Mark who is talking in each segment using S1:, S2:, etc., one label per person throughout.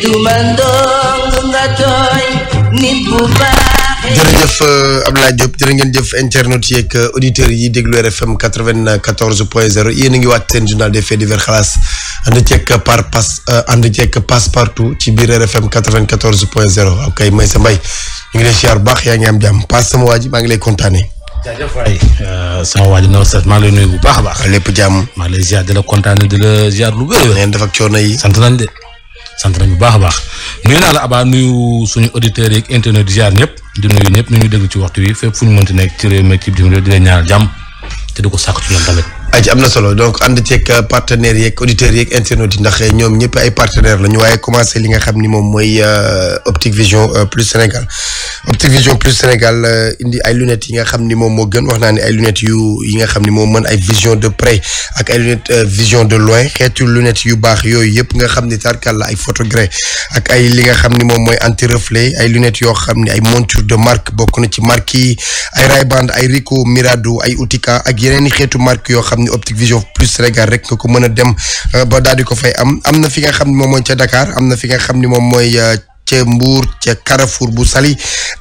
S1: de jërëjëf euh, Abdoulaye Diop jërë ngeen jëf internautes yeeg auditeurs yi déglu RFM quatre-vingt-quatorze point zéro yéen a ngi waat seen journal des faits divers xalaas ànd ceeg par pass euh, ànd ceeg passe partout ci biir RFM quatre-vingt-quatorze point zéro ok Maysa Mbaye ñu ngi lay siyaar bu baax yaa ngi am jàmm paas sama waa ji maa ngi lay kontaanee. Euh, sama waa ji Noor maa ngi lay nuyu bu baax a baax. lépp jàmm maa ngi lay ziar la kontaanee di
S2: la ziar lu bëri. neen def ak coono yi sant nañ bu baax a baax nuyu naa la Abba nuyu suñu auditeurs yeeg internet ziar ñëpp di nuyu ñëpp ñu ngi déglu ci waxtu wi fépp fu ñu mënti nekk ci réew mi ci bitim réew di leen ñaanal jàmm te di ko sàkk ci ñoom tamit.
S1: ci am na solo donc ànd ceeg euh, partenaires yeek auditeurs yeeg internautes yi ndax euh, ñoom ñëpp ay la ñu waaye commencé li nga xam ni moom mooy euh, Optic Vision plus Sénégal Optic Vision plus Sénégal indi ay lunettes yi nga xam ni moom moo gën wax naa ne ay lunettes yu yi nga xam ni moo mën ay vision de près ak ay lunettes vision de loin xeetu lunette yu baax yooyu yëpp nga xam ni tarkal la ay photogré ak ay li nga xam ni moom mooy anti reflet ay lunettes yoo xam ni ay monture de marque bokk na ci marque yi ay Ray-Ban ay Ricoh Mirado ay ak yeneen i xeetu marque yoo xam ni Optique Vision plus Sénégal rek nga ko mën a dem euh, ba daal di ko fay am am na fi nga xam ne moom ca Dakar am na fi nga xam ni moom mooy euh, ca Mbour ca Carrefour bu Saly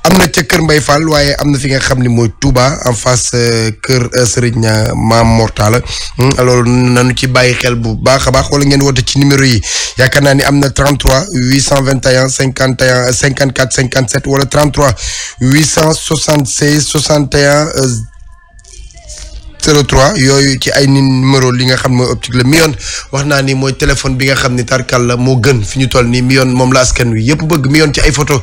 S1: am na ca Kër Mbay Fall waaye am na fi nga xam ni mooy Touba en face euh, Kër Serigne Maam Mortala hmm, loolu nanu ci bàyyi xel bu baax a baax wala ngeen woote ci numéro yi yaakaar naa ni am na 33 821 51 54 57 wala 33 876 61 03 yooyu ci ay numéro li nga xam mooy optique la Mion wax naa ni mooy téléphone bi nga xam ni tarkal la moo gën fi ñu toll nii Mion moom la askan wi yëpp bëgg Mion ci ay photo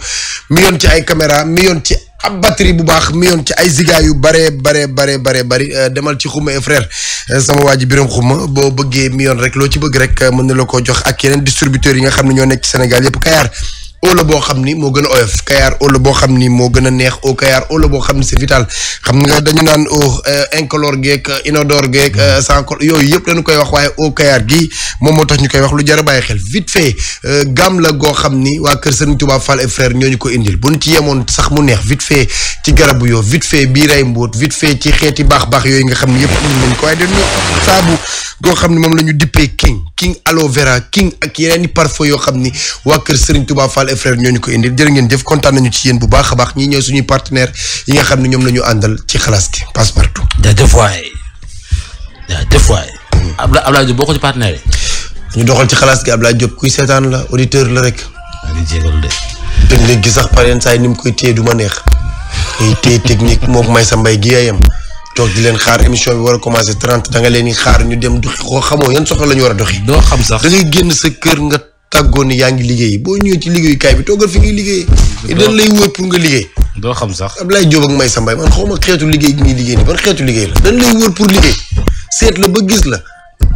S1: Mion ci ay caméra Mion ci ab batterie bu baax Mion ci ay ziga yu bare bare bare bare bari euh, demal ci xuma et frère euh, sama waa ji biram xuma boo bëggee million rek loo ci bëgg rek euh, mën na la ko jox ak yeneen distributeurs yi nga xam ne ñoo nekk ci Sénégal yëpp Kayar eau boo xam ni moo gën a oyof Kayar eau boo xam ni moo gën a neex eau Kayar eau boo xam ni c'est vital xam nga dañu naan oh, eau incolor geek euh, inodore geek euh, mm. sans col yooyu yëpp dañu koy wax waaye eau Kayar gi moom moo tax ñu koy wax lu jar a bàyyi xel vite fait euh, gamme la goo xam ni waa Kër Serigne Touba Fall et frère ñooñu ko indil bu buñ ci yemoon sax mu neex vite fait ci garabu yoo vite fait bii ray mbóot vite fait ci xeeti baax baax yooyu nga xam ni yëpp indi nañ ko goo xam ne moom la ñu dippee king king aloe vera king ak yeneen i parfum yoo xam ni waa kër Serigne Touba Fall et frère ñoo ñu ko indil jërë ngeen jëf kontaan nañu ci yéen bu baax a baax ñii ñooy suñuy partenaire yi nga xam ne ñoom la ñu àndal ci xalaas gi passe partout. jaajëf waay jaajëf waay. Abdoulaye Abdoulaye Diop boo ko ci partenaire yi. ñu doxal ci xalaas gi Abdoulaye Diop kuy seetaan la auditeur la rek. maa ngi jégal de. technique gi sax par yenn saa yi ni mu koy téye du ma neex. day téye technique moom may sa mbay gi yaayam toog di leen xaar émission bi war a commencé trente da nga leen di xaar ñu dem doxi koo xamoo yan soxla la war a doxi. doo xam sax da ngay génn sa kër nga tàggoon ni yaa ngi liggéey boo ñëwee ci liggéeyukaay bi toogal fi ngay liggéey. doo dañ lay wóor pour nga liggéey. doo xam sax Ablaye Diop ak Maysa Mbaye xaw ma xeetu liggéey gi liggéey nii xeetu liggéey la. dañ lay wóor pour liggéey seet la ba gis la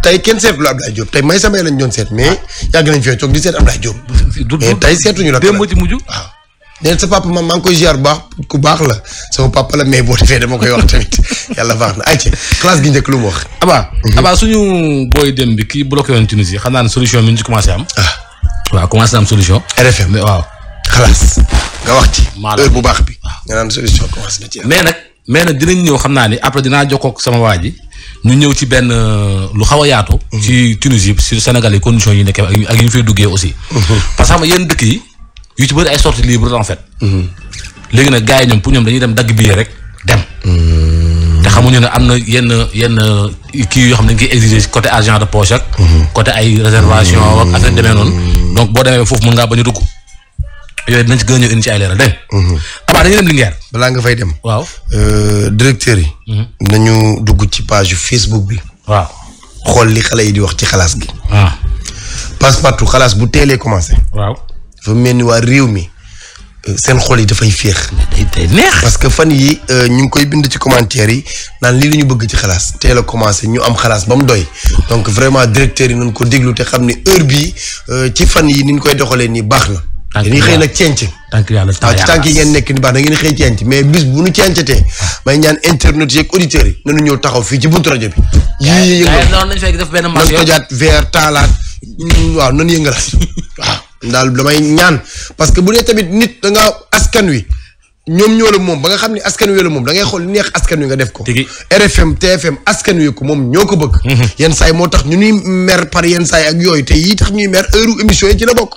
S1: tey kenn seetlu la Ablaye Diop tey Maysa la lañ doon seet mais yàgg nañ fee toog di seet Ablaye Diop. mais tey seetuñu la. démb ci mujj waaw neen sa papa ma maa ngi koy ziar baax ku baax la sama papa la mais boo defee dama koy wax tamit yàlla baax na ayca classe gi njëkk lu mu wax. su mhm. abaa booy dem bi kii
S2: bloqué woon Tunisie xam naa ne solution bi ñu am. Ah. waaw commencé am solution. waaw. xalaas
S1: nga wax ci. heure bu baax bi. nga naan solution commencé na ci
S2: mais nag mais nag dinañ ñëw xam naa ni après dinaa jokkoo sama waa ji ñu ñëw ci benn lu xaw a yaatu. Mhm. ci Tunisie sur Sénégal yi conditions yi nekkee ak yi ñu fay duggee aussi. Mhm. parce que xam yenn dëkk yi. yu ci bëri ay sorties libres en fait. léegi nag gars yi ñoom pour ñoom dañuy dem dagg billet rek dem. te xamuñu ne am na yenn yenn kii yoo xam ne dañ koy exiger côté argent de poche ak. côté ay réservation ak affaire demee noonu. donc boo demee foofu mun ngaa ba a dugg. yooyu dinañ
S1: ci gën a ñëw indi ci ay leeral dégg nga. Mhm. abaa dañuy dem Linguère. balaa nga fay dem. waaw euh, directeur yi. Mhm. nañu dugg ci page Facebook bi. waaw xool li xale yi di wax ci xalaas gi. waaw ah. passe partout xalaas bu teelee commencé. dafa mel ni waa réew mi euh, seen xol yi dafay féex. day neex parce que fan yi euh, ñu ngi koy bind ci commentaire yi naan lii la ñu bëgg ci xalaas teel a commencé ñu am xalaas ba mu doy. donc vraiment directeur yi nañ ko déglu xam ne heure bii euh, ci fan yi ni ñu koy doxalee nii baax na. dañuy xëy nag cenc tànk yàlla ci tànk yi ngeen nekk ni baax da ngeen xëy cenc mais bis bu nu cencatee ah. may ñaan internet yeeg auditeurs yi nañu ñëw taxaw fii ci buntu rajo bi yii yëngal
S2: nañ ko jaat
S1: ver taalaat waaw nan yëngalaat waaw daal damay ñaan parce que bu dee tamit nit da nga askan wi ñoom ñoo moom ba nga xam ne askan wi la moom da ngay xool neex askan wi nga def ko. RFM TFM askan wi ko moom ñoo ko bëgg. Mhm. yenn saay moo tax ñu ñuy mer par yenn saay ak yooyu te yii tax ñuy meer heure émission yi ci la bokk.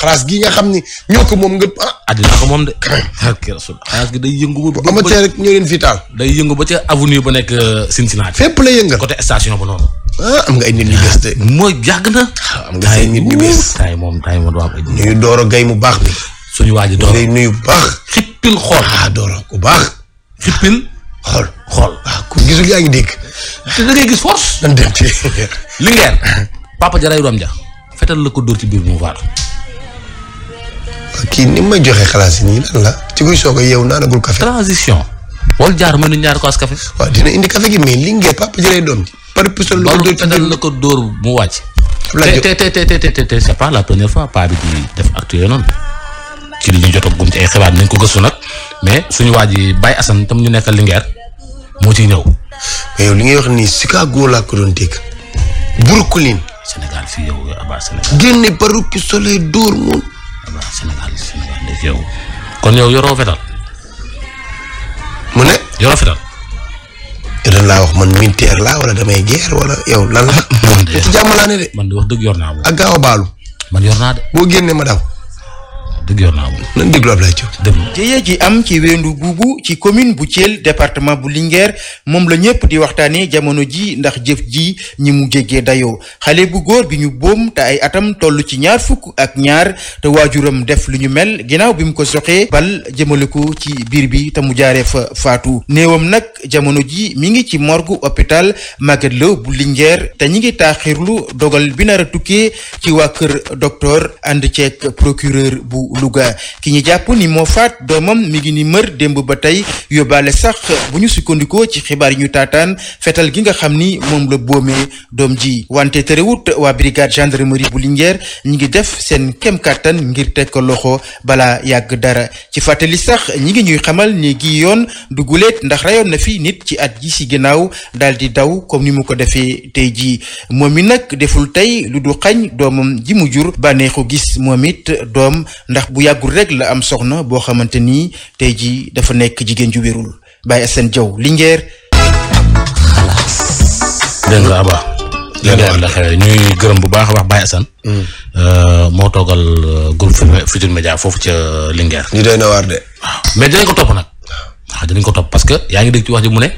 S1: xalaas gi nga xam ni ñoo ko moom nga ah. a àddina ko moom de.
S2: xalaas
S1: gi day yëngu. ba amatee rek ñoo leen vital. day yëngu ba ca
S2: avenue ba nekk euh, Cincinnati. fépp la yëngal côté station ba noonu. ah am nga ay nit ñu bees de. mooy yàgg na.
S1: Ah, am nga ay nit ñu bees. moom taay moom du am ay nit. nuyu Doro mu baax bi. suñu waa ji Doro ngay nuyu bu baax. xippil xool ah Doro ku baax. xool ah, ku gisul yaa ngi dégg. te da ngay gis force. dañ dem
S2: papa ja doom ja fetal la ko dóor ci biir mu faatu.
S1: Ah, kii ni may joxe xalaat si nii lan la ci kuy soog a yeewu naanagul café. transition. wal jaar mënuñ ñaari kaas café. waaw dina indi café gi mais li ngeen papa ja doom ji. par pistol la ko dóor balu la ko dóor mu wàcc.
S2: te te te te te te c'est pas la première fois paa bi di def acte yooyu noonu. ci li ñu jot a gum ci ay xibaar ko gëstu nag mais suñu waaj ji Baye Assane tam ñu nekkal Linguère moo
S1: ciy ñëw. yow li ngay wax nii Chicago laa ko doon dégg. Brooklyn.
S2: Sénégal fii yow Aba Sénégal. génne baru
S1: pistolet dóor moom.
S2: Aba Sénégal
S1: kon yow yoroo fetal. mu ne. yoroo fetal. yow laa wax man militaire laa wala damay guerre wala yow lan la. man de jàmm man de wax dëgg yor naa
S3: boobu. ak gaaw a baalu. man yor naa de. boo génnee ma daw. dëgg yor naa moom. nañ déglu Ablaye jëye ji am ci weendu guubu ci commune bu Thiel département bu Linguère moom la ñëpp di waxtaanee jamono ji ndax jëf ji ñi mu jéggee dayoo xale bu góor bi ñu boom te ay atam toll ci ñaar fukk ak ñaar te waajuram def lu ñu mel ginnaaw bi mu ko soxee bal jëmale ko ci biir bi te mu jaaree fa faatu néewam nag jamono ji mi ngi ci morgue hôpital Magatte Lô bu Linguère te ñi ngi taaxirlu dogal bi nar a tukkee ci waa kër docteur ànd ceeg procureur bu. Louga ki ñu jàpp ni moo faat doomam mu ngi ni mër démb ba tey yóbbaale sax bu ñu sukkandikoo ci xibaar yi ñu taataan fetal gi nga xam ni moom la boomee doom ji wante wut waa brigade gendarmerie bu Linguère ñi ngi def seen kem kàttan ngir teg ko loxo bala yàgg dara ci fàttali sax ñi ngi ñuy xamal ni gi yoon duguleet ndax reyoon na fi nit ci at ji si ginnaaw daal di daw comme ni mu ko defee tey jii moom mi nag deful tey lu du xañ doomam ji mu bu yàggul rek la am soxna boo xamante nii tey jii dafa nekk jigéen ju wérul Baye Assane Diaw Linguère.
S2: dégg nga Aba. Linguère la xewee ñuy gërëm bu baax a baax Baye Assane. Mm. Euh, moo toogal euh, groupe Futurs Médias foofu ca euh, Linguère. li doy na waar de. waaw mais dinañ ko topp nag. waaw dinañ ko topp parce que yaa ngi dégg ci wax ji mu ne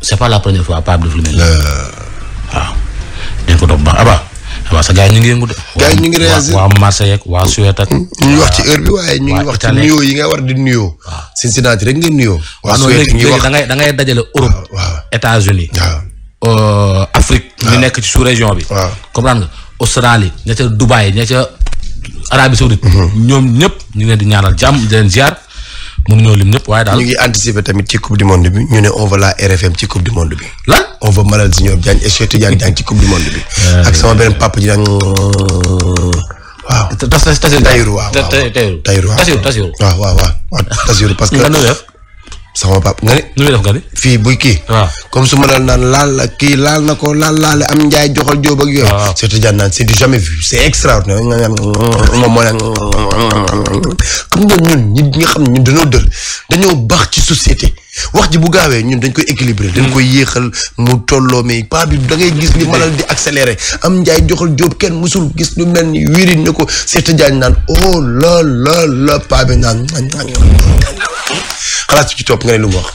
S2: c'est pas la première fois Pape def lu mel. waaw dinañ baax Aba. waaw sa gars yi ñu ngi yëngu de. gars ñu ngi réagir waa Marseille ak waa Suède ak. Hmm. ñu wax ci heure waaye ñu wax ci nuyoo yi
S1: nga war di nuyoo. waaw rek ngeen nuyoo. waa ah Suède da ngay da ngay dajale Europe.
S2: États-Unis euh, Afrique. ñu nekk ci sous région bi. waaw comprendre nga Australie ña ca Dubaï ña ca Arabie Saoudite. Hmm. ñoom ñëpp ñu ngi di ñaanal jàmm di
S1: leen ziar. mënuñoo lim ñëpp waaye daal. ñu ngi anticiper tamit ci coupe du monde bi ñu ne on va la RFM ci coupe du monde bi. lan on va Malal Junior Diagne et Cheikh Tidiane Diagne ci coupe du monde bi. ak sama beneen papa ji daan. waaw. tas tas Tassirou waaw waaw waaw waaw waaw Tassirou parce que. sama pap nga ne. nu muy def nga ne. fii buy kii. waaw ah. comme su ma daan naan laal kii laal na ko laal laale am njaay joxal jóob ak yooyu. waaw ah. surtout daan naan c'est du jamais vu c'est extraordinaire moom moo naan xam nga ñun ñi nga xam ne ñun dañoo dër dañoo baax ci société. wax ji bu gaawee ñun dañ koy équilibrer. dañ koy yéexal mu tolloo mais pas bi da ngay gis ni malal di accélérer am njaay joxal jóob kenn musul gis lu mel ni wiri ni ko seeta jaañ naan oh la la la paa bi naan
S2: xalaat ci topp nga ne lu mu wax.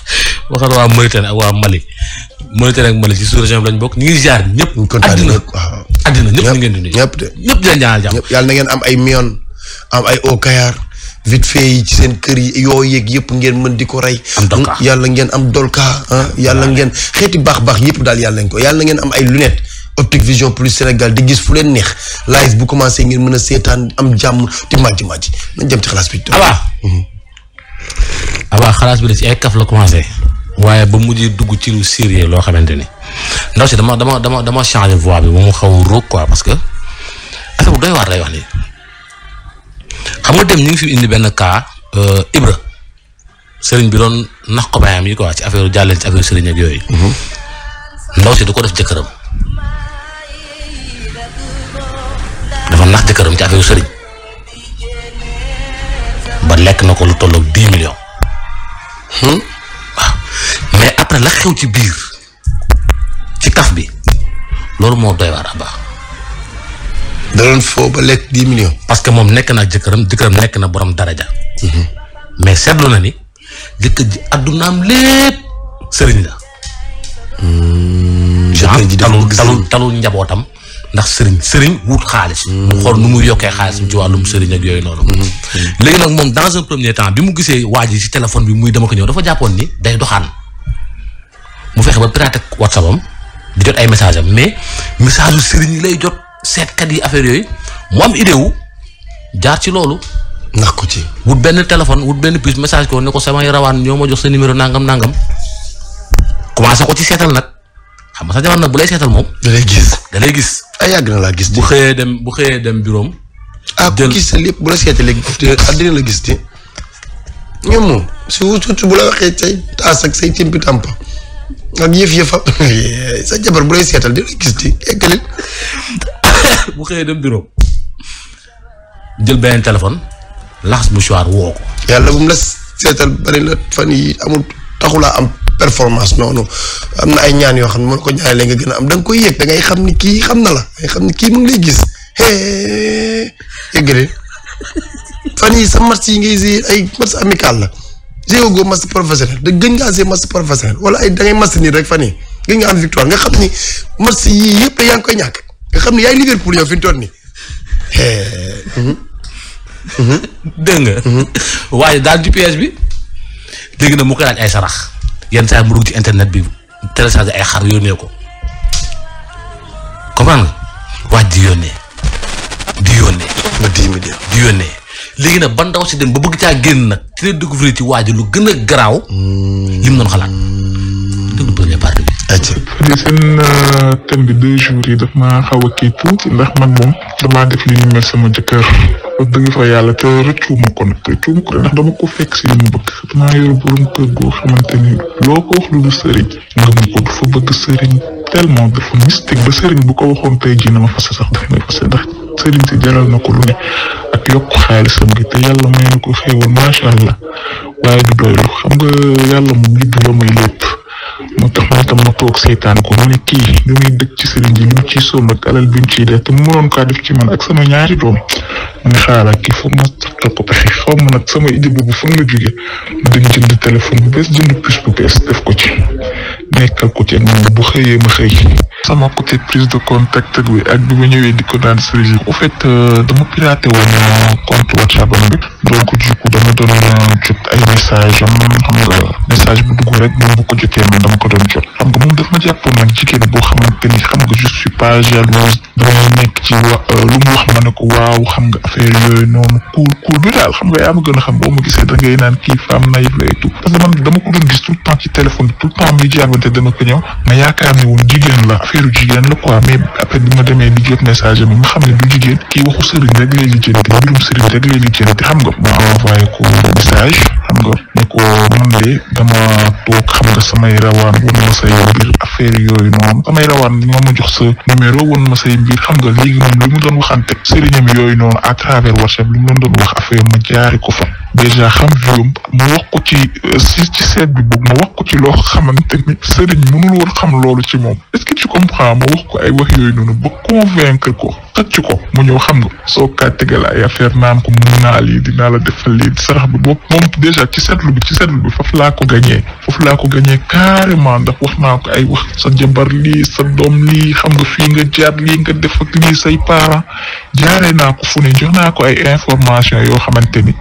S2: waa Mali
S1: Mauritanie ak Mali ci sous lañ bokk ñu ngi ziar ñëpp. ñu àddina àddina ngeen di nuyu. ñëpp de ñëpp yàlla na ngeen am ay Mion am ay Haut Kayar. vite fait yi ci seen kër yi yoo yeeg yëpp ngeen mën di ko rey. yàlla ngeen am dolka ah, yàlla ngeen xeeti baax baax yëpp daal yàlla nañ ko yàlla ngeen am ay lunettes. optique vision plus Sénégal di gis fu leen neex live bu commencé ngeen mën a seetaan am jàmm di màjj màjj nañ jëm ci xalaas bi. abaa
S2: abaa xalaas bi de kaf la commencé. waaye ba mujj dugg ci lu loo xamante ni ndaw si dama dama dama dama changé voix bi ba mu xaw a ruuk quoi parce que affaire bu doy waar lay wax nii. xam nga dem ñu ngi fi indi benn cas euh, Ibra sëriñ bi doon nax ko baayam ko quoi ci affaire jàlleen ci affaire sëriñ ak yooyu. Mhm. ndaw si du ko def jëkkëram dafa nax jëkkëram ci affaire sëriñ ba lekk na ko lu tolloog dix millions. Hmm? waaw mais après la xew ci biir ci taf bi loolu moo doy waar a baax. da doon foo ba lekk dix millions. parce que moom nekk na jëkkëram jëkkëram nekk na borom daraja. Mm-hmm. mais seetlu na ni jëkkër ji addunaam lépp sëriñ la. Mm-hmm. jëkkër ji talul talul talul njabootam ndax sëriñ sëriñ wut xaalis. Mm-hmm. mu xool nu muy yokkee xaalis ci wàllum sëriñ ak yooyu noonu. léegi nag moom dans un premier temps bi mu gisee waa ji ci téléphone bi muy dama ko ñëw dafa jàppoon ni day doxaan mu fexe ba pirater WhatsApp am di jot ay message mais message sëriñ lay jot. seetkat yi affaire yooyu mu am idée jaar ci loolu. ndax ko ci. wut benn téléphone wut benn puce message ko ne ko samay rawaan ñoo ma jox sa numéro nangam nangam commencé ko ci seetal nag xam nga sa jamono bu lay seetal moom. da gis ay ah, yàgg na laa gis. bu xëyee
S1: dem bu xëyee dem bureau am. Ah, jël lépp bu la seetalee dina la gis la waxee say taas ak say cimpi tàmpa sa jabar bu lay seetal dina la gis te eggalil. bu xëyee dem bureau jël beneen téléphone laxas mouchoir woo ko. yàlla bu mu la seetal bari la fan yi amul taxulaa am performance noonu am na ay ñaan yoo xam ne mën ko ñaanalee nga gën a am da nga koy yëg da ngay xam ni kii xam na la ngay xam kii mu ngi lay gis yëggalee fan yi sa match yi ngay gis ay match amical la jéego goo match professionnel da gën ngaa see match professionnel wala ay da ngay nii rek fan yi gën nga am victoire nga xam ni match yii yëpp da yaa ngi koy ñàkk nga xam ne yaay Liverpool yow fi mu toll nii. dégg nga.
S2: daal ci bi dégg na mu koy laaj ay sarax yenn saa mu dugg ci internet bi télécharge ay xar yónnee ko comprendre nga waaj di yónnee di yónnee. ba dix millions di yónnee. léegi nag ban ndaw si dem ba bëgg caa génn nag ci la découvrir ci waaj lu gën a garaaw. Hmm. lim doon xalaat.
S4: acca di seen euh, thème bi deux yi daf ma xaw a kii ndax man moom damaa def li mel sama jëkkër wax dëgg fa yàlla te rëccuuma ko nag rëccuuma ko ndax dama ko fekk si li ni loo ko wax lu du sëriñ nga mu ko dafa bëgg sëriñ tellement dafa mystique ba sëriñ bu ko waxoon tey jii na ma fase sax daf may fase ndax sëriñ si jaral na ko ak yokk xaalisam te yàlla may na ko xéewal macha allah waaye du doylu xam nga yàlla moom yëpp yoo may seytaan ko mu ne kii li muy dëkk ci sëriñ bi li mu ciy soom ak alal bi mu ciy def te mu mënoon kaa def ci man ak sama ñaari doom mu ne xaaral kii foog ma safta ko pexe xaw ma nag sama idée boobu foog la jóge ma dem jënd téléphone bu bees jënd puce bu bees def ko ci nekkal ko ci ak bu xëyee ma xëy sama côté prise de bi ak bi ma ñëwee di ko daan sëriñ bi en fait euh, dama piraté woon compte WhatsApp bi donc du coup dama doon euh, jot ay message am xam nga euh, message bu dugg rek moom bu ko jotee man dama ko doon jot xam nga moom daf ma ci wa euh, lu wax ma ne ko xam nga affaire yooyu noonu xam nga yaa ma a xam boo ma da ngay naan kii femme naïve la et tout parce que man dama ko doon gis tout le temps ci téléphone tout le temps muy jaabante dama ko ñëw ma yaakaar ne woon jigéen la affaire jigéen la quoi mais après bi demee di message am ma xam ne du jigéen kii waxu sëriñ rek lay lijjanti mbirum sëriñ rek lay lijjanti xam nga ma envoyé ko message xam nga ne ko man de dama toog xam nga samay rawaan wan ma say mbir affaire yooyu noonu samay rawaan ñoo ma jox sa numéro ma say mbir xam nga li mu doon waxante sëriñam yooyu noonu à travers WhatsApp li mu doon doon wax affaire ma jaari ko fa déjà xam viom ma wax ko ci euh, si ci seet bi boobu ma wax ko ci loo xamante ni sëriñ mënul woon xam loolu ci moom est-ce que tu comprends ma wax ko ay wax yooyu noonu ba convaincre ko xëcc ko mu ñëw xam nga soo ka tegal ay affaire naan ko mun naa lii dinaa la defal lii sarax bi nag ci seetlu bi ci seetlu bi foofu laa ko gañee foofu laa ko gañee carrément ndax wax naa ko ay wax sa jabar li sa doom li xam nga fii nga jaar lii nga def ak lii say parents jaaree naa ko fu ne jox naa ko ay information yoo xamante ni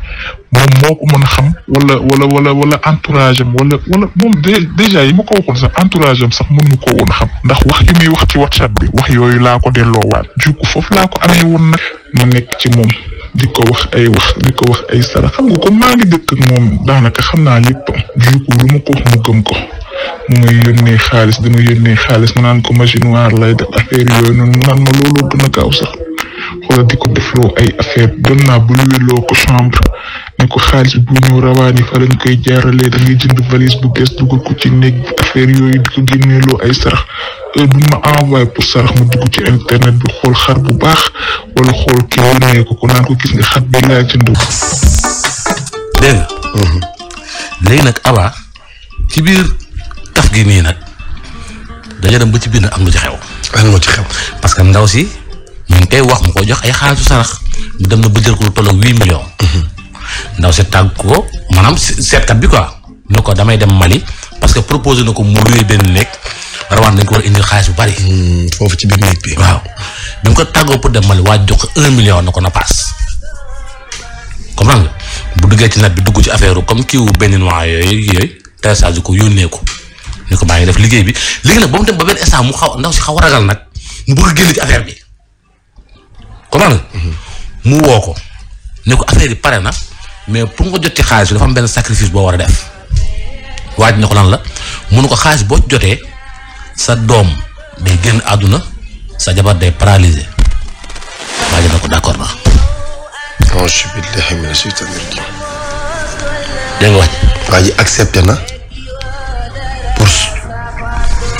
S4: moom moo ko mën a xam wala wala wala wala entourage am wala wala moom déjà yi mu ko waxoon sax entourage am sax mënuñu ko woon xam ndax wax yu muy wax ci WhatsApp bi wax yooyu laa ko delloowaat jukku foofu laa ko amee woon nag ma nekk ci moom di ko wax ay wax di ko wax ay sara xam nga ko maa dëkk ak moom daanaka xam naa lépp du ko lu ma ko wax mu gëm ko mu may yónnee xaalis dama yónnee xaalis mu naan ko machine noire lay def affaire yooyu noonu mu naan ma looloo gën a gaaw sax. wala di ko defloo ay affaire doon naa bu luweloo ko chambre ne ko xaalis bu ñëw rawaani fa lañ koy jaaralee da ngay jënd valise bu bees dugal ko ci néeg affaire yooyu di ko génneeloo ay sarax heure bu ma envoyé pour sarax ma dugg ci internet bu xool xar bu baax wala xool ki yónnee ko ko naan ko gis nga xar bi laa jënd ko. dégg nga.
S2: Mhm. léegi nag Aba ci biir taf gi nii nag dañoo dem ba ci biir nag am na ci xew. am na ci xew parce que ndaw si. ñu ngi koy wax mu ko jox ay xaalisu sarax dem na bëjël ko lu toll ak huit millions. ndaw si tàgg ko maanaam seetkat bi quoi ne ko damay dem Mali parce que proposé na ko mu luwee benn nekk rawaan dañ ko war a indil xaalis bu bari. Hmm, foofu ci biir néeg bi. bi mu ko tàggoo pour dem Mali waa jox ko un million na ko na paas comprendre nga bu duggee ci nat bi dugg ci affaire comme kii wu benn noix yooyu yooyu télésage ko yónnee ko ni ko maa ngi def liggéey bi léegi nag ba mu ba benn mu xaw ndaw a ragal nag mu bëgg affaire bi. comprendre mu woo ko ne ko affaire yi pare na mais pour nga jot ci xaalis bi dafa am benn sacrifice boo war a def waaj ne ko lan la munu ko xaalis boo jotee sa doom day génn àdduna sa jabar day paralysé
S1: waaj na ko d'accord na. auzu nga waa ji accepté na.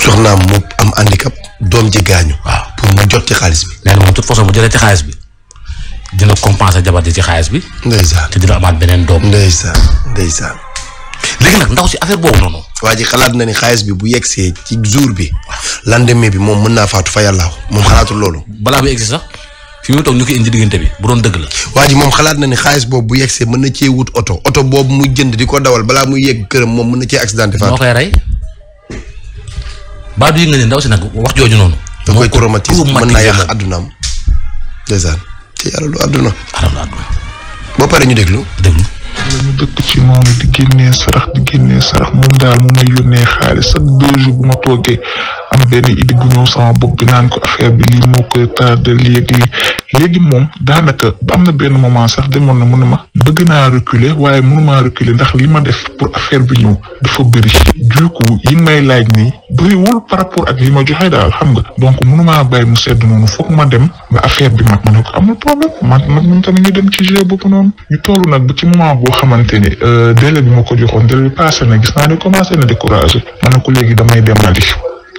S1: soxnaam mu am handicap doom ji gaañu. waaw pour mu jot ci xaalis bi. nee na moom de façon bu jëlee ci
S2: xaalis bi dina a jabar ji ci xaalis bi. ndeysaan te dina amaat beneen doom. ndeysaan
S1: ndeysaan. léegi nag ndaw si affaire boobu noonu. waa xalaat na ni bi bu yegsee ci jour bi. lendemain bi moom mën naa faatu fa yàlla moom xalaatul loolu. balaa muy egsi sax fi mu toog ñu koy indi diggante bi bu doon dëgg la. waa ji moom xalaat na ni xaalis boobu bu see mën na cee wut oto oto boobu muy jënd di ko dawal balaa muy yegg këram moom mën na cee accidenté faatu. moo koy rey. baadu yi nga ne ndaw si nag wax jooju noonu. da koy traumatisme mën naa yàq addunaam.
S4: ci alalu adduna. alalu boo paree ñu déglu déglu. ñu dëkk ci moom di génnee sarax di génnee sarax moom daal mu may yónnee xaalis chaque deux jours bu ma toogee am benn idée bu ñëw sama bopp naan ko affaire bi lii moo koy tardé léegi léegi moom daanaka am na benn moment sax demoon na mënu ma bëgg naa reculer waaye mënuma reculer ndax li ma def pour affaire bi ñëw dafa bëri du coup yi may laaj nii bëriwul par rapport ak li ma joxe daal xam nga donc mënuma bàyyi mu sedd noonu foog ma dem ba affaire bi mag ma ne ko amul problème man nag ñun tamit ñu dem ci jeu boobu noonu ñu toll nag bu ci moment boo xamante ni euh, délai bi ma ko joxoon délai bi passé na gis naa ne commencé na découragé ma ne ko léegi damay demali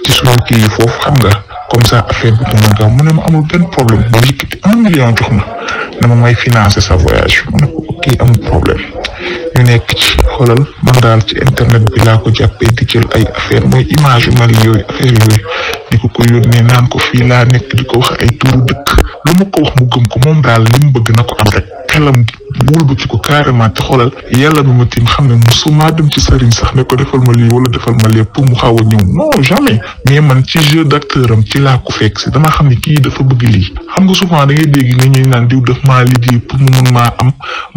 S4: ci suñu kii yi xam nga comme ça affaire bi dina gaaw mu ne ma amul benn problème ma yëkkati un million jox ma ne ma may financer sa voyage ma ne ko ok amul problème ñu nekk ci xoolal daal ci internet bi laa ko jàppee di ay affaire mooy image yu mel yooyu affaire yooyu di ko ko yónnee naan ko fii laa nekk di ko wax ay tuuru dëkk lu mu ko wax mu gëm ko moom daal li mu bëgg na ko am rek xelam wëlbati ko carrément te xoolal yàlla mi ma tiim xam ne musuma dem ci sëriñ sax ne ko defal ma lii wala defal ma lépp mu xaw a ñëw non jamais mais man ci am ci laa ko fekk damaa xam ne kii dafa bëgg lii xam nga souvent da ngay dégg ni ñuy naan diw def maa liggéey pour mu mun maa am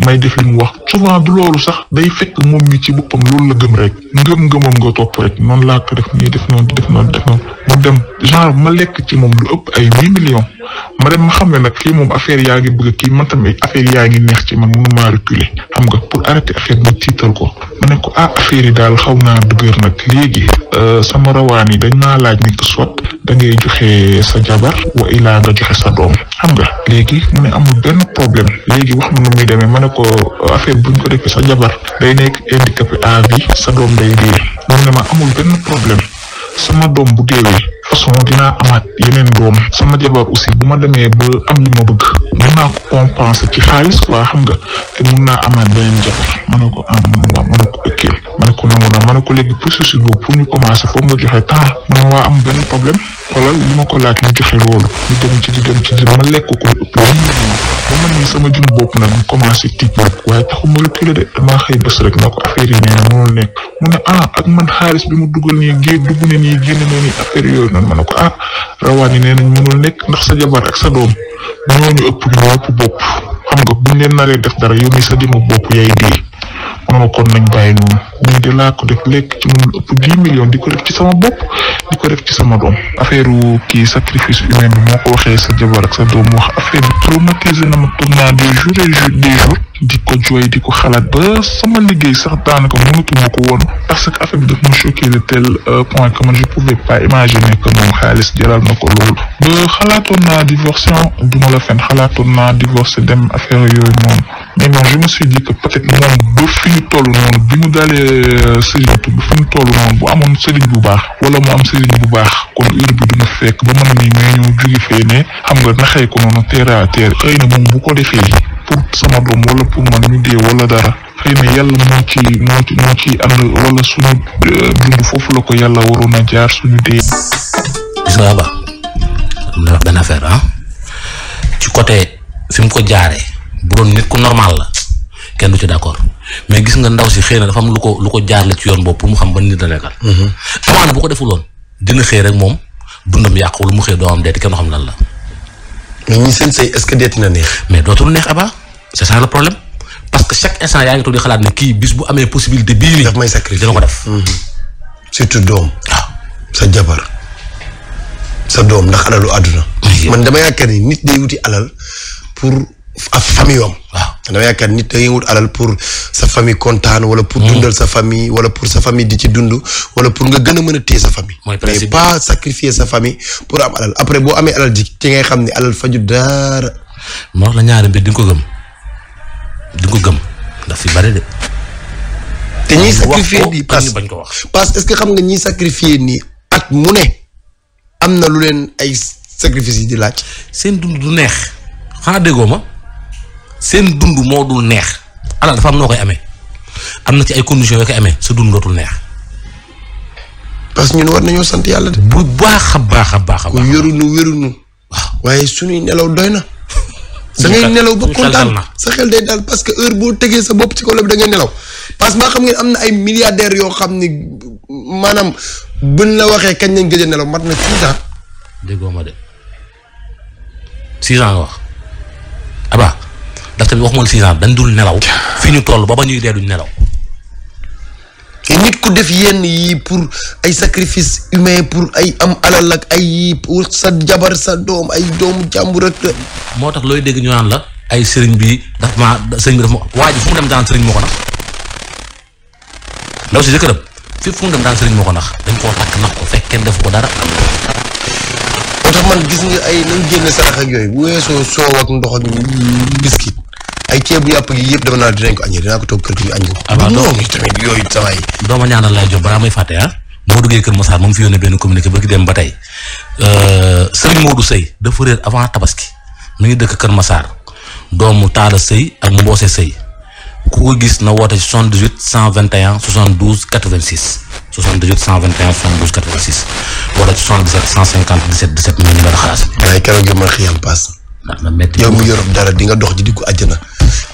S4: may def li mu wax souvent du loolu sax day fekk moom mi ci boppam loolu la gëm rek ngëm-ngëmam nga topp rek noonu laa ko def nii def noonu def noonu def noonu mu dem genre ma lekk ci moom lu ëpp ay huit millions ma dem ma xam ne nag kii moom affaire yaa ngi bëgg kii man tamit affaire yaa ngi neex ci man mënu maa reculer xam nga pour arrêter affaire ma tiital ko ma ne ko ah affaire yi daal xaw naa dëgër nag léegi euh, sama rawaan yi dañ naa laaj ni ko da ngay joxe sa jabar wa ilaa nga joxe sa doom xam nga léegi mu ne amul benn problème léegi wax mun nu muy demee ma ne ko euh, affaire buñ ko defee sa jabar day nekk handicapé à vie sa doom day dee mu ma amul benn problème sama doom bu deewee façon dinaa amaat yeneen doom sama jabar aussi bu ma demee ba am li ma bëgg mën naa ko compenser ci xaalis waa xam nga te mun naa amaat beneen jabar ma ne ko ma ne ma ne ko nangu naa ma ne ko léegi processus boobu pour ñu commencer foog ma waa am benn problème ma ko laaj ñu joxe loolu ñu dem ci di dem ci di ma lekk ko ëpp ba sama jum bopp nag mu commencé tiit nag waaye taxuma lu kii la de damaa xëy bés rek na ko affaire yi ne ah ak man xaalis bi mu dugg na nii génn nii affaire noonu ma ne ko ah rawaan yi mënul nekk ndax sa jabar ak sa doom ñooñu ëpp ñu ëpp bopp xam nga buñ leen naree def dara yow mi sa dimu bopp yaay dee ma ne kon nañ bàyyi noonu ñii ko def lekk ci mënul ëpp dix ci sama bopp di ko def ci sama doom affaire kii sacrifice humain bi moo ko waxee sa jabar ak sa doom wax affaire bi traumatisé na ma tourna des jours et jours di ko jooy di ko xalaat ba sama liggéey sax daanaka mënatuma ko woon parce que affaire bi daf ma choqué de tel euh, point que man je pouvais pas imaginer que moom xaalis jaral na ko loolu ba xalaatoon naa divorcé du ma la xalaatoon naa divorcé dem affaire yooyu noonu mais non je me suis dit moom ba fi ñu toll noonu bi mu daalee euh, sëriñtu ba fi ñu toll noonu bu amoon sëriñ bu baax wala mu am sëriñ bu baax kon heure bi ma fekk ba mën a nii mais ñoo jóge fee xam nga naxee ko noonu terre à terre xëy na moom bu ko defee pour sama doom wala pour man ñu dee wala dara xëy na yàlla moo ci moo ci moo ci ànd wala suñu euh, dund foofu la ko yàlla waroon a jaar suñu dee. gis nga ba am ah. ci
S2: côté fi mu ko jaaree bu doon nit ku normal la kenn du ci d'accord mais gis nga ndaw si xëy na dafa am lu ko lu ko jaarale ci yoon boobu pour mu xam ba nit la nekkal. Mhm. amaana bu ko defuloon dina xëy rek moom dundam yàqu wala mu xëy doomam dee te kenn xam lan la. mais ñi seen sëy est que deeti na neex. mais dootul neex Abba c'est ça le problème parce que chaque instant yaa ngi toog di xalaat ne kii bis bu
S1: amee possibilité bii nii. daf may sacrifice dina mhm. surtout doom. waaw ah. sa jabar sa doom ndax alalu àdduna. man dama yaakaar ni nit day wuti alal pour. ak famille am. waaw dama yaakaar nit da ngay wut alal pour sa famille wala pour dundal sa wala pour sa di ci dund wala pour nga gën a mën a téye sa famille. mooy mais pas sa famille pour am alal après boo amee alal ji ci ngay xam ne alal faju daara. ma wax la ñaari mbir di ko gëm di nga fi bari de.
S2: te ñiy bañ
S1: ko wax parce que est-ce xam nga ñiy sacrifier nii at mu ne am na lu leen ay sacrifice yi di laaj. seen dund du neex xanaa déggoo ma. seen dund moo du neex alal dafa am noo koy amee am na ci ay conditions yoo koy amee sa dund dootul neex. parce que ñun war nañoo sant yàlla de. bu baax a baax a baax a baax. wérunu wérunu. waaw waaye suñuy nelaw doy na.
S2: da ngay nelaw ba kontaan
S1: sa xel day daal parce que heure boo tegee sa bopp ci kaw lépp da ngay nelaw parce que maa xam ngeen am na ay milliardaires yoo xam ni maanaam buñ la waxee kañ lañ gëj nelaw mat na six ans.
S2: déggoo ma de six wax. ndax tamit waxuma la six ans dañ dul nelaw fi ñu toll ba ba ñuy dee duñ nelaw.
S1: nit ku def yenn yi pour ay sacrifice humain pour ay am alal ak ay yi sa jabar sa doom ay doomu jàmbur ak.
S2: moo tax looy dégg ñu naan la ay sëriñ bi daf ma sëriñ bi daf ma waa ji fu mu dem daan sëriñ moo ko nax ndaw si jëkkëram fépp fu mu dem daan sëriñ moo ko nax dañ koo takk nax ko fekk kenn def ko dara.
S1: moo tax man gis nga ay nañ génne sarax ak yooyu bu weesoo soow ak ndox ak biskit ay ceebu yàpp gi yëpp dama naa dinañ ko añee dinaa ko toog kër gi ñu añ ko. waaw non
S2: mais jox balaa may fàtte ah. moo duggee Kër Massar moom fi yónnee benn communiqué ba ki dem ba tey euh, Serigne Modou Seye dafa réer avant tabaski mi ngi dëkk Kër Massar doomu Talla Seye ak Mboose Seye ku ko gis na woote 78 121 72 86 78 121 72 86
S1: wala 77 150 17 17 mu ngi numéro xalaas bi. waaye keroog yi ma xiyam paas. ndax yow mu yorob dara di nga dox ji di ko na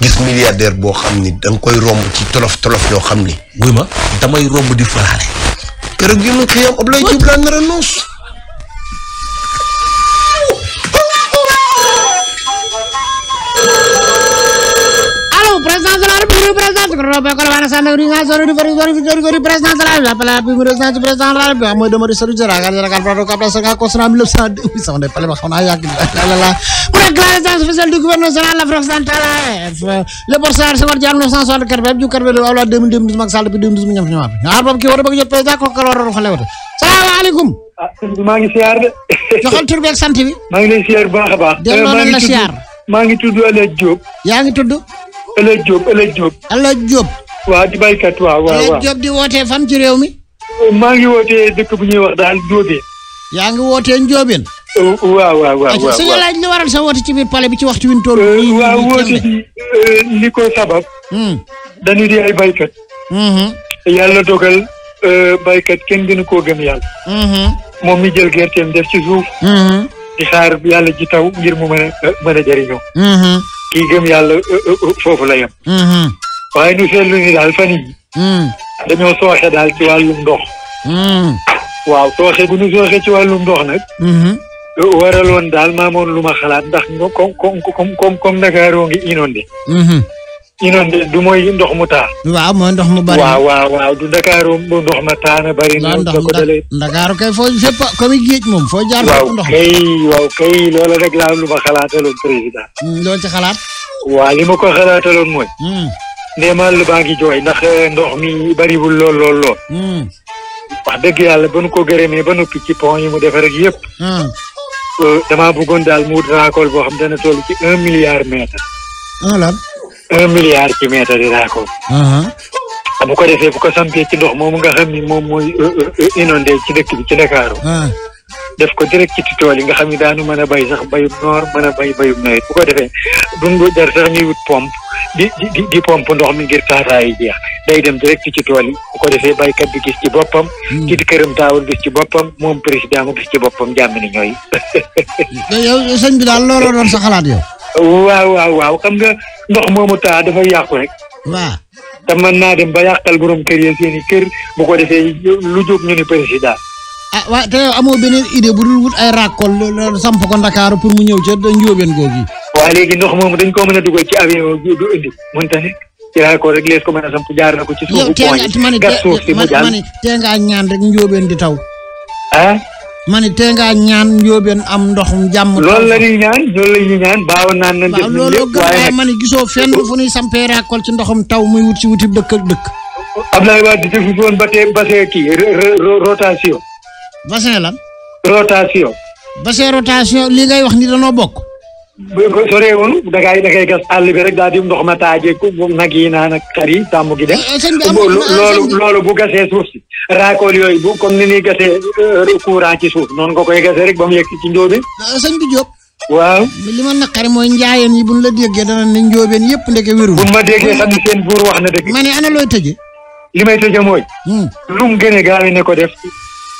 S1: gis milliardaire boo xam ni da koy romb ci tolof tolof yoo xam ni. wuy ma damay romb di falaale. keroog gi mu xiyam ab lay jub laa nar noos.
S5: nacional do président Roberto Colombo Santa Gringa Zoro do Vori Zoro Vitória Gori président da Live pela primeira vez président da Live mooy demari sori jara gar jara gar do capra sanga consonant 1902 sama ne pale ma xona yak la la pour la déclaration officielle du gouvernement national la France centrale le borsar sama jaar 1964 bab ju karbe wala 2012 Macky Sall bi 2012 ñam ñam ñaar bob ki wara bëgg jot président ko kala wara xale wata salaamaaleykum maa ngi siyaar de joxal tur beeg sant bi
S6: maa ngi lay siyaar bu baax a baax delloo na la siyaar maa ngi tudd El Hadj Diop yaa ngi tudd El Hadj Diop El Hadj Diop. El Hadj Diop. waaw di
S5: baykat waaw waaw waaw. El Hadj Diop di
S6: wootee fan ci réew mi. maa ngi wootee dëkk bu ñuy wax daal Ndiobène. yaa ngi wootee Ndiobène. Oh, waaw waaw waaw su ñu
S5: laaj li waral sa woote ci biir palais bi ci waxtu wi ñu toll. Euh, waaw woote bi euh, li ko sabab. Hmm. dañu di ay baykat.
S6: Hmm. yàlla dogal euh, baykat kenn gënu koo gëm yàlla. Hmm. moom mi jël gerteem def ci suuf. di xaar yàlla ji taw ngir mu mën a mën a jëriñoo. kii gëm yàlla e, e, e, foofu la yem. Mm-hmm. waaye nu seetlu ni daal fan yii. Mm. dañoo sooxe daal ci wàllum ndox. Mm. waaw sooxe gu ñu sooxe ci wàllum ndox nag. Mm-hmm. waraloon daal maamoon lu ma xalaat ndax comme comme comme comme Ndakaaroo ngi inondé. Mm-hmm. inondé du mooy ndox mu taa. waaw mooy ndox mu bari. waaw waaw waaw du Ndakaaru ndox ma taa na bari. waaw ndox
S5: Ndakaaru kay foo fépp comme géej moom foo jaar. waaw
S6: kay waaw kay loola rek laa lu ma xalaataloon président. Hmm, loolu ci xalaat. waaw li ma ko xalaataloon mooy. Hmm. ndéemal lu ngi jooy ndax eh, ndox mi bariwul lool lool lool. Hmm. wax dëgg yàlla ba nu ko gërëmee ba noppi i pont yi mu defar ak yëpp. Euh, damaa bëggoon daal mu wut récolte boo xam dana toll ci un milliard mètre. lan. un milliard uh-huh. ah, ci mètre di daa ko. bu ko defee bu ko sampee ci ndox moomu nga xam ni moom mooy euh, euh, euh, inondé ci dëkk bi ci Ndakaaru. Uh-huh. def ko direct ci tool yi nga xam ni daanu mën a béy sax béyum noor mën a béy béyum nawet bu ko defee dundu jar sax ñuy wut pompe di di di pompe ndox mi ngir taataay yi jeex day dem direct ci tool yi bu ko defee béykat bi gis ci boppam. Hmm. ci këram taawul gis ci boppam moom président mu gis ci boppam jàmm ni ñooy.
S5: yow sëñ bi daal looloo doon sa xalaat yow.
S6: waaw waaw waaw xam nga ndox moomu taa dafay yàqu rek. waaw. te mën naa dem ba tal borom kër ya seen i kër bu ko defee lu jóg ñu ni président.
S5: ah waaw te amoo beneen idée bu dul wut ay ràkkol loolu samp ko Ndakaaru pour mu ñëw ca njóobeen googu. waaw
S6: léegi ndox moomu dañ koo mën a dugal ci avion du indi mënta ne ci ràkkol rek lees ko mën a samp jaar na ko ci suufu. yow tee nga man
S5: tee ngaa ñaan rek njóobeen di taw. ah. ma ne tey ngaa ñaan yóobeen am ndox jàmm. loolu la ñuy ñaan loolu la ñuy ñaan baaw naan nañ. def nañ lépp waaye ma gisoo fenn fu ñuy sampee raakol ci ndoxum taw mu wut si wuti dëkk ak dëkk.
S6: Abdoulaye Wade defu fi woon ba tey bassin kii rotation. bassin lan. rotation. bassin rotation li ngay wax ni danoo bok bu soreewul da ngay da ngay gas àll bi rek daal di ndox ma taajee ku nag yi naan ak xar yi de gi dem. Eh, loolu loolu bu gasee suuf si. yooyu bu comme ni ñuy gasee eh, courant ci suuf noonu nga koy gasee rek ba mu ci njóobeen.
S5: Eh, sëñ bi Diop. waaw. li ma naqari mooy njaayeen yi bu ñu la déggee dana ne njóobeen yëpp ndeke wérul. bu ma déggee xam seen buur wax na dëgg. ma ne ana looy tëjee.
S6: li may tëjee mooy. Hmm. lu mu gën a ne ko def.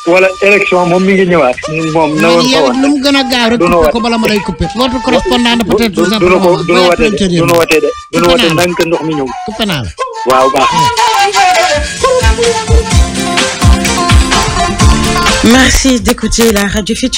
S6: wala élection moom mi ngi
S5: ñëwaat. moom na woon xawoon lu mu gën a gaaw rek coupé ko bala ma lay coupé. votre correspondant peut-être. du du du ko du nu wootee de du nu wootee de. du nu wootee ndànk ndox mi ñëw. coupé naa la waaw baax
S6: merci d'écouter la radio Futur.